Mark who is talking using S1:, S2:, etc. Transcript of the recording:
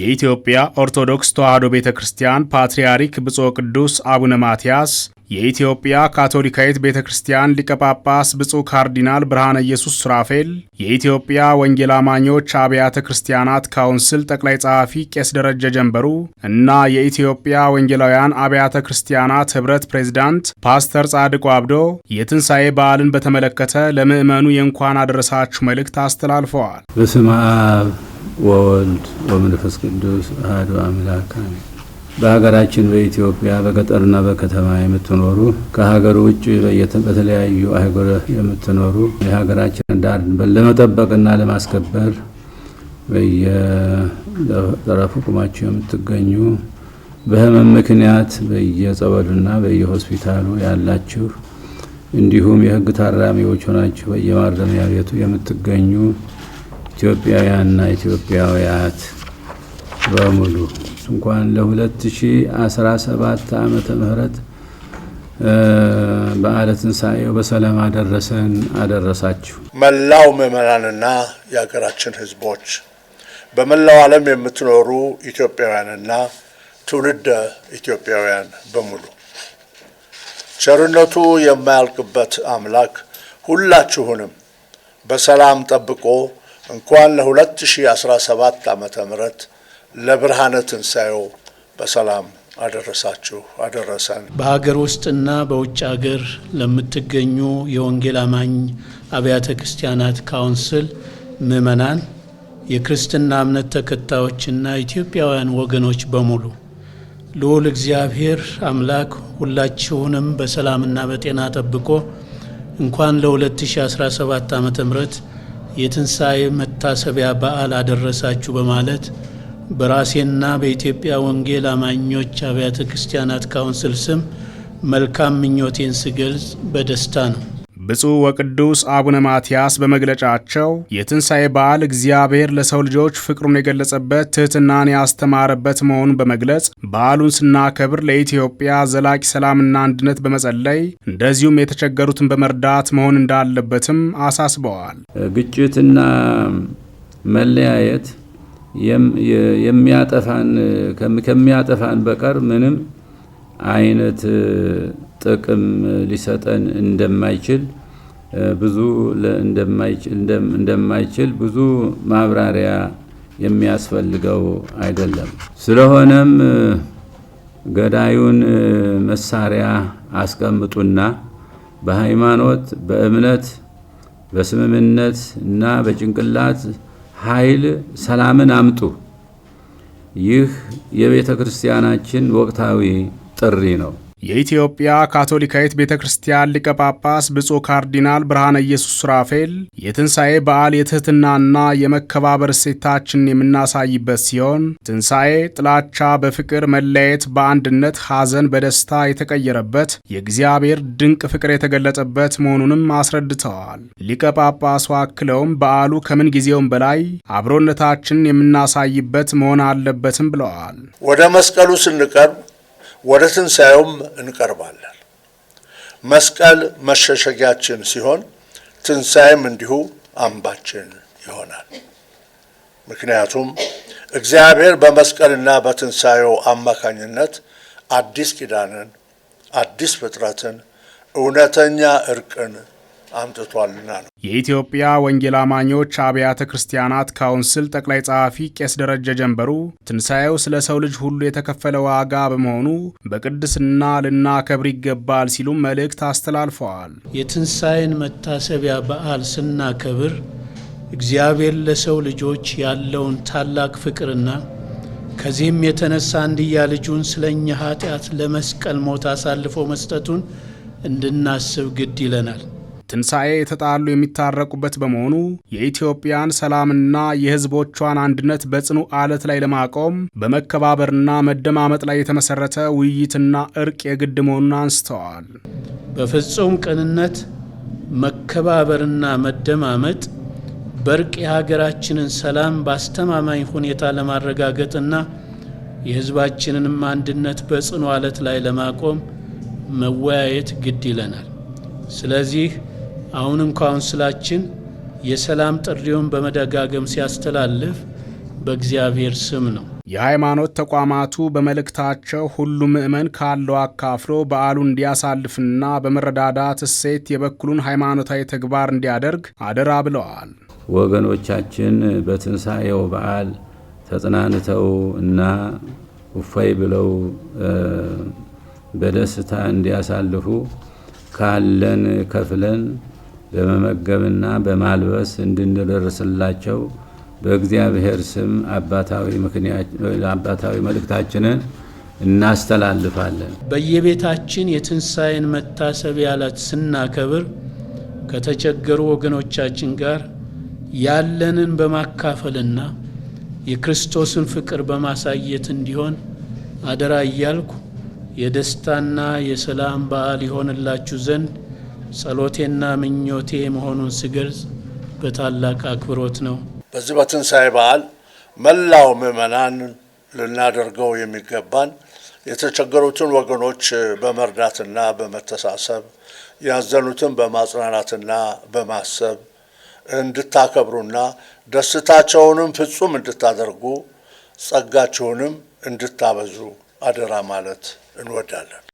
S1: የኢትዮጵያ ኦርቶዶክስ ተዋሕዶ ቤተ ክርስቲያን ፓትርያርክ ብፁዕ ቅዱስ አቡነ ማትያስ፣ የኢትዮጵያ ካቶሊካዊት ቤተ ክርስቲያን ሊቀ ጳጳስ ብፁዕ ካርዲናል ብርሃነ ኢየሱስ ሱራፌል፣ የኢትዮጵያ ወንጌል አማኞች አብያተ ክርስቲያናት ካውንስል ጠቅላይ ጸሐፊ ቄስ ደረጀ ጀንበሩ እና የኢትዮጵያ ወንጌላውያን አብያተ ክርስቲያናት ኅብረት ፕሬዚዳንት ፓስተር ጻድቁ አብዶ የትንሣኤ በዓልን በተመለከተ ለምዕመኑ የእንኳን አደረሳችሁ መልእክት አስተላልፈዋል።
S2: በስመ አብ ወወልድ ወመንፈስ ቅዱስ አሐዱ አምላክ አሜን። በሀገራችን በኢትዮጵያ በገጠርና በከተማ የምትኖሩ ከሀገር ውጭ በተለያዩ አህጉር የምትኖሩ የሀገራችንን ዳር ለመጠበቅና ለማስከበር በየጠረፉ ቁማችሁ የምትገኙ በህመም ምክንያት በየጸበሉና በየሆስፒታሉ ያላችሁ እንዲሁም የህግ ታራሚዎች ሆናችሁ በየማረሚያ ቤቱ የምትገኙ ኢትዮጵያውያንና ኢትዮጵያውያት በሙሉ እንኳን ለ2017 ዓመተ ምህረት በዓለ ትንሣኤው በሰላም አደረሰን አደረሳችሁ።
S3: መላው ምዕመናንና የሀገራችን ህዝቦች በመላው ዓለም የምትኖሩ ኢትዮጵያውያንና ትውልደ ኢትዮጵያውያን በሙሉ ቸርነቱ የማያልቅበት አምላክ ሁላችሁንም በሰላም ጠብቆ እንኳን ለ2017 ዓመተ ምህረት ለብርሃነ ትንሣኤው በሰላም አደረሳችሁ አደረሰን።
S4: በሀገር ውስጥና በውጭ ሀገር ለምትገኙ የወንጌል አማኝ አብያተ ክርስቲያናት ካውንስል ምዕመናን፣ የክርስትና እምነት ተከታዮችና ኢትዮጵያውያን ወገኖች በሙሉ ልዑል እግዚአብሔር አምላክ ሁላችሁንም በሰላምና በጤና ጠብቆ እንኳን ለ2017 ዓ.ም የትንሣኤ መታሰቢያ በዓል አደረሳችሁ በማለት በራሴና በኢትዮጵያ ወንጌል አማኞች አብያተ ክርስቲያናት ካውንስል ስም መልካም ምኞቴን ስገልጽ በደስታ ነው።
S1: ብፁዕ ወቅዱስ አቡነ ማትያስ በመግለጫቸው የትንሣኤ በዓል እግዚአብሔር ለሰው ልጆች ፍቅሩን የገለጸበት ትሕትናን ያስተማረበት መሆኑን በመግለጽ በዓሉን ስናከብር ለኢትዮጵያ ዘላቂ ሰላምና አንድነት በመጸለይ እንደዚሁም የተቸገሩትን በመርዳት መሆን እንዳለበትም አሳስበዋል።
S2: ግጭትና መለያየት የሚያጠፋን ከሚያጠፋን በቀር ምንም አይነት ጥቅም ሊሰጠን እንደማይችል ብዙ እንደማይችል ብዙ ማብራሪያ የሚያስፈልገው አይደለም። ስለሆነም ገዳዩን መሳሪያ አስቀምጡና በሃይማኖት፣ በእምነት፣ በስምምነት እና በጭንቅላት ኃይል ሰላምን አምጡ። ይህ የቤተ ክርስቲያናችን ወቅታዊ ጥሪ ነው።
S1: የኢትዮጵያ ካቶሊካዊት ቤተ ክርስቲያን ሊቀ ጳጳስ ብፁዕ ካርዲናል ብርሃነ ኢየሱስ ሱራፌል የትንሣኤ በዓል የትሕትናና የመከባበር እሴታችንን የምናሳይበት ሲሆን ትንሣኤ ጥላቻ በፍቅር፣ መለየት በአንድነት፣ ሐዘን በደስታ የተቀየረበት የእግዚአብሔር ድንቅ ፍቅር የተገለጸበት መሆኑንም አስረድተዋል። ሊቀ ጳጳሱ አክለውም በዓሉ ከምን ጊዜውም በላይ አብሮነታችንን የምናሳይበት መሆን አለበትም ብለዋል።
S3: ወደ መስቀሉ ስንቀርብ ወደ ትንሣኤውም እንቀርባለን። መስቀል መሸሸጊያችን ሲሆን ትንሣኤም እንዲሁ አምባችን ይሆናል። ምክንያቱም እግዚአብሔር በመስቀልና በትንሣኤው አማካኝነት አዲስ ኪዳንን፣ አዲስ ፍጥረትን፣ እውነተኛ እርቅን አምጥቷልና ነው።
S1: የኢትዮጵያ ወንጌል አማኞች አብያተ ክርስቲያናት ካውንስል ጠቅላይ ጸሐፊ ቄስ ደረጀ ጀንበሩ ትንሣኤው ስለ ሰው ልጅ ሁሉ የተከፈለ ዋጋ በመሆኑ በቅድስና ልናከብር ይገባል ሲሉም መልእክት አስተላልፈዋል።
S4: የትንሣኤን መታሰቢያ በዓል ስናከብር እግዚአብሔር ለሰው ልጆች ያለውን ታላቅ ፍቅርና ከዚህም የተነሳ አንድያ ልጁን ስለ እኛ ኃጢአት ለመስቀል ሞት አሳልፎ መስጠቱን እንድናስብ ግድ ይለናል።
S1: ትንሣኤ የተጣሉ የሚታረቁበት በመሆኑ የኢትዮጵያን ሰላምና የሕዝቦቿን አንድነት በጽኑ አለት ላይ ለማቆም በመከባበርና መደማመጥ ላይ የተመሰረተ ውይይትና እርቅ የግድ መሆኑን አንስተዋል።
S4: በፍጹም ቅንነት መከባበርና መደማመጥ በእርቅ የሀገራችንን ሰላም በአስተማማኝ ሁኔታ ለማረጋገጥና የሕዝባችንንም አንድነት በጽኑ አለት ላይ ለማቆም መወያየት ግድ ይለናል። ስለዚህ አሁንም ካውንስላችን የሰላም ጥሪውን በመደጋገም ሲያስተላልፍ በእግዚአብሔር ስም ነው።
S1: የሃይማኖት ተቋማቱ በመልእክታቸው ሁሉም ምእመን ካለው አካፍሎ በዓሉ እንዲያሳልፍና በመረዳዳት እሴት የበኩሉን ሃይማኖታዊ ተግባር እንዲያደርግ አደራ ብለዋል።
S2: ወገኖቻችን በትንሣኤው በዓል ተጽናንተው እና ውፋይ ብለው በደስታ እንዲያሳልፉ ካለን ከፍለን በመመገብና በማልበስ እንድንደርስላቸው በእግዚአብሔር ስም አባታዊ መልእክታችንን እናስተላልፋለን።
S4: በየቤታችን የትንሣኤን መታሰቢያ ዕለት ስናከብር ከተቸገሩ ወገኖቻችን ጋር ያለንን በማካፈልና የክርስቶስን ፍቅር በማሳየት እንዲሆን አደራ እያልኩ የደስታና የሰላም በዓል ይሆንላችሁ ዘንድ ጸሎቴና ምኞቴ መሆኑን ስገልጽ በታላቅ አክብሮት ነው።
S3: በዚህ በትንሣኤ በዓል መላው ምዕመናን ልናደርገው የሚገባን የተቸገሩትን ወገኖች በመርዳትና በመተሳሰብ ያዘኑትን በማጽናናትና በማሰብ እንድታከብሩና ደስታቸውንም ፍጹም እንድታደርጉ ጸጋችሁንም እንድታበዙ አደራ ማለት እንወዳለን።